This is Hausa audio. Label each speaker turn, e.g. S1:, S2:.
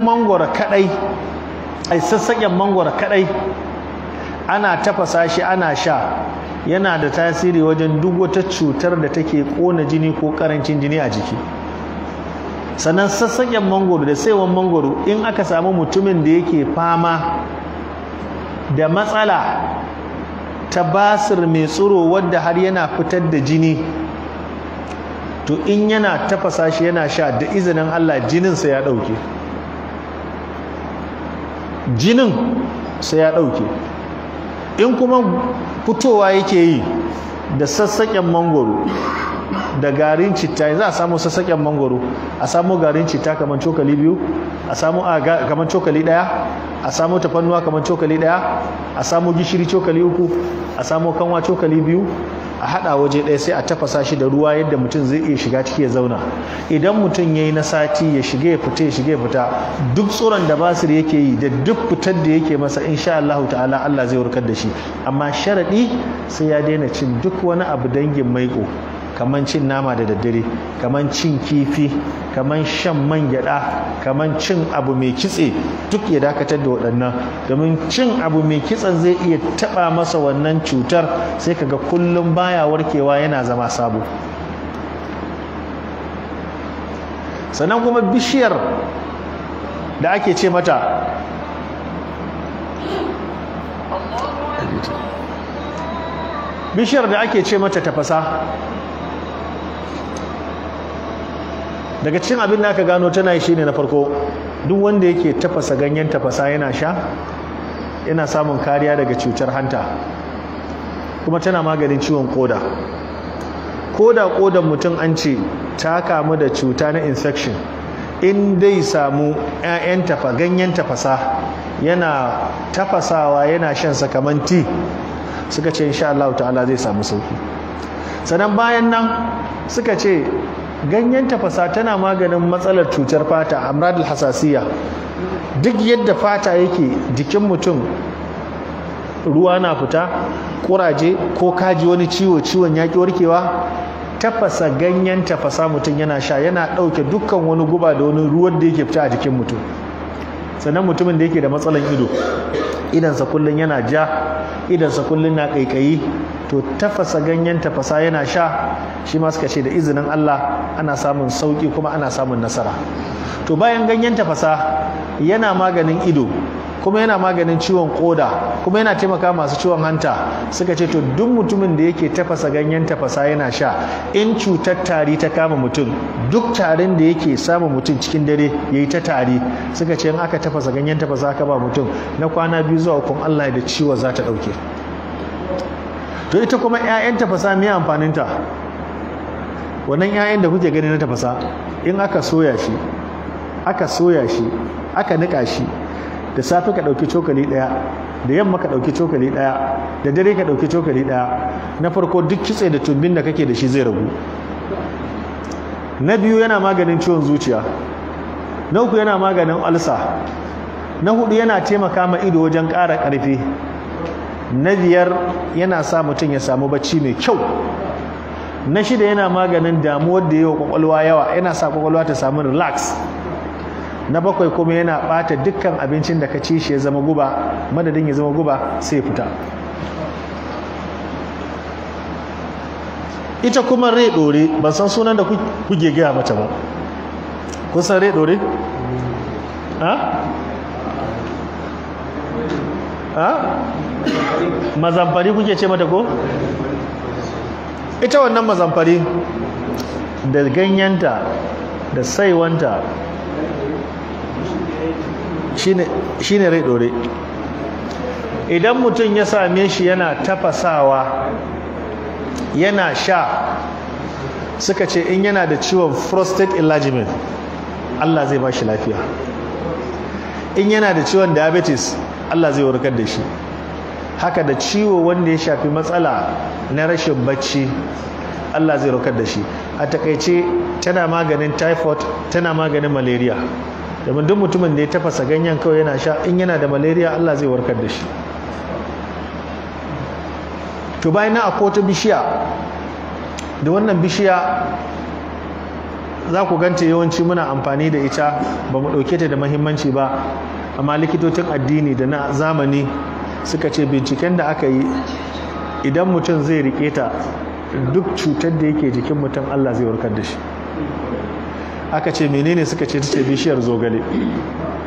S1: mangoro kadai sassaƙen mangoro kadai ana tafasa shi ana sha yana da tasiri wajen duk wata cutar da take kona jini ko karancin jini a jiki sannan sassaƙen mangoro da saiwan mangoro in aka samu mutumin da yake fama da matsala ta basir mai tsoro wadda har yana fitar da jini to in yana tafasa shi yana sha da izinin Allah jininsa ya ɗauke. jinin sai ya ɗauke in kuma fitowa yake yi da sassaƙen mangoro da garin citta yanzu a samu sassaken mangoro a samu garin citta kamar cokali biyu a samu kamar cokali ɗaya a samu tafannuwa kamar cokali ɗaya a samu gishiri cokali uku a samu kanwa cokali biyu a haɗa waje ɗaya sai a tafasa shi da ruwa yadda mutum zai iya shiga ciki ya zauna idan mutum ya yi na sati ya shiga ya fita ya shiga ya fita duk tsoron da basir yake yi da duk fitar da yake masa insha Allah ta'ala Allah zai warkar da shi amma sharaɗi sai ya daina cin duk wani abu dangin maiƙo kaman cin nama da daddare kaman cin kifi kaman shan man gyada kaman cin abu mai kitse duk ya dakatar da waɗannan domin cin abu mai kitsen zai iya taɓa masa wannan cutar sai kaga kullum baya warkewa yana zama sabo sannan kuma bishiyar da ake ce mata bishiyar da ake ce mata tafasa daga cikin abin da aka gano tana yi ne na farko duk wanda yake tafasa ganyen tafasa yana sha yana samun kariya daga cutar hanta kuma tana maganin ciwon koda koda kodan mutum an ce ta kamu da cuta na infection in dai samu 'ya'yan tafa ganyen tafasa yana tafasawa yana shan sakaman ti suka ce insha Allah ta'ala zai samu sauki sannan bayan nan suka ce ganyen tafasa tana maganin matsalar cutar fata a amradul hasasiya duk yadda fata yake jikin mutum ruwa na fita kuraje ko kaji wani ciwo ciwon yaƙi warkewa tafasa ganyen tafasa mutum yana sha yana ɗauke dukkan wani guba da wani ruwan da yake fita a jikin mutum sannan mutumin da yake da matsalar ido idansa kullum yana ja idansa kullum na kaikayi to tafasa ganyen tafasa yana sha shi ma suka ce da izinin Allah ana samun sauki kuma ana samun nasara to bayan ganyen tafasa yana maganin ido kuma yana maganin ciwon koda kuma yana taimaka masu ciwon hanta suka ce to duk mutumin da yake tafasa ganyen tafasa yana sha in cutar tari ta kama mutum duk tarin da yake samu mutum cikin dare yayi ta tari suka ce in aka tafasa ganyen tafasa aka ba mutum na kwana biyu zuwa hukun Allah da ciwo za ta dauke to ita kuma 'ya'yan tafasa me amfanin ta wannan 'ya'yan da kuke gani na tafasa in aka soya shi aka soya shi aka nika shi da safe ka ɗauki cokali ɗaya da yamma ka ɗauki cokali ɗaya da dare ka ɗauki cokali ɗaya na farko duk kitse da tumbin da kake da shi zai ragu na biyu yana maganin ciwon zuciya na uku yana maganin alsa na hudu yana taimaka ma ido wajen kara ƙarfi na biyar yana sa mutum ya samu bacci mai kyau na shida yana maganin damuwar da wa kwakwalwa yawa yana sa kwakwalwa ta samu relax na bakwai kuma yana bata dukkan abincin da ka ci shi ya zama guba madadin ya zama guba sai fita ita kuma rai dore ban san sunan da kuke gaya mata ba kun san rai dore ha ha mazamfari kuke ce mata ko ita wannan mazamfari da ganyenta da saiwanta shi ne rai dore idan mutum ya same shi yana tafasawa yana sha suka ce in yana da ciwon prostate enlargement Allah zai ba shi lafiya in yana da ciwon diabetes Allah zai warkar da shi haka da ciwo wanda ya shafi matsala na rashin bacci Allah zai warkar da shi a takaice tana maganin typhoid tana maganin malaria domin duk mutumin da ya tafasa ganyen kawai yana sha in yana da malaria Allah zai warkar da shi to bayan na akwai bishiya da wannan bishiya za ku ganta yawanci muna amfani da ita ba mu ɗauke ta da mahimmanci ba amma likitocin addini da na zamani suka ce binciken da aka yi idan mutum zai riƙe ta duk cutar da yake jikin mutum Allah zai warkar da shi aka ce menene suka ce ta bishiyar zogale